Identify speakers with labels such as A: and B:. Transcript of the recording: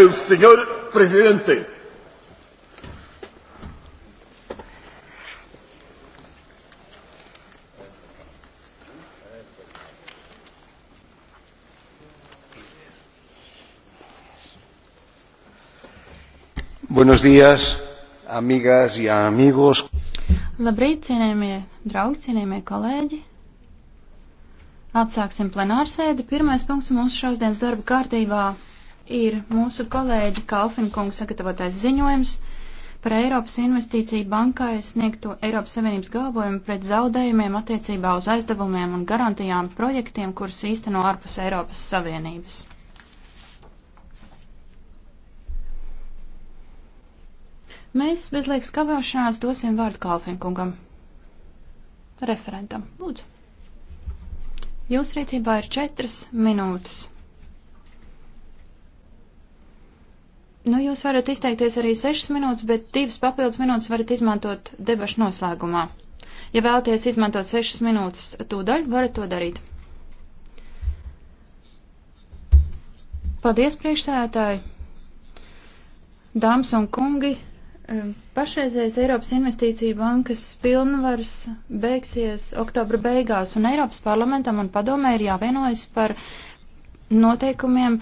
A: el señor presidente.
B: Buenos días, amigas y amigos.
C: Labrīt, cienējamie draugi, cienējamie kolēģi. Atsāksim plenārsēdi. Pirmais punkts mūsu šodienas darba kārtībā ir mūsu kolēģi Kalfinkungs sagatavotais ziņojums par Eiropas investīciju bankai sniegto Eiropas Savienības galvojumu pret zaudējumiem attiecībā uz aizdevumiem un garantijām projektiem, kurus īsteno ārpus Eiropas Savienības. Mēs bezliekas kavēšanās dosim vārdu Kalfinkungam. Referentam, lūdzu. Jūsu rīcībā ir četras minūtes. Nu, jūs varat izteikties arī 6 minūtes, bet 2 papildus minūtes varat izmantot debašu noslēgumā. Ja vēlaties izmantot 6 minūtes tūdaļ, varat to darīt. Paldies, priekšsēdētāji! Dāmas un kungi, pašreizējais Eiropas Investīcija bankas pilnvars beigsies oktobra beigās, un Eiropas parlamentam un padomē ir jāvienojas par noteikumiem,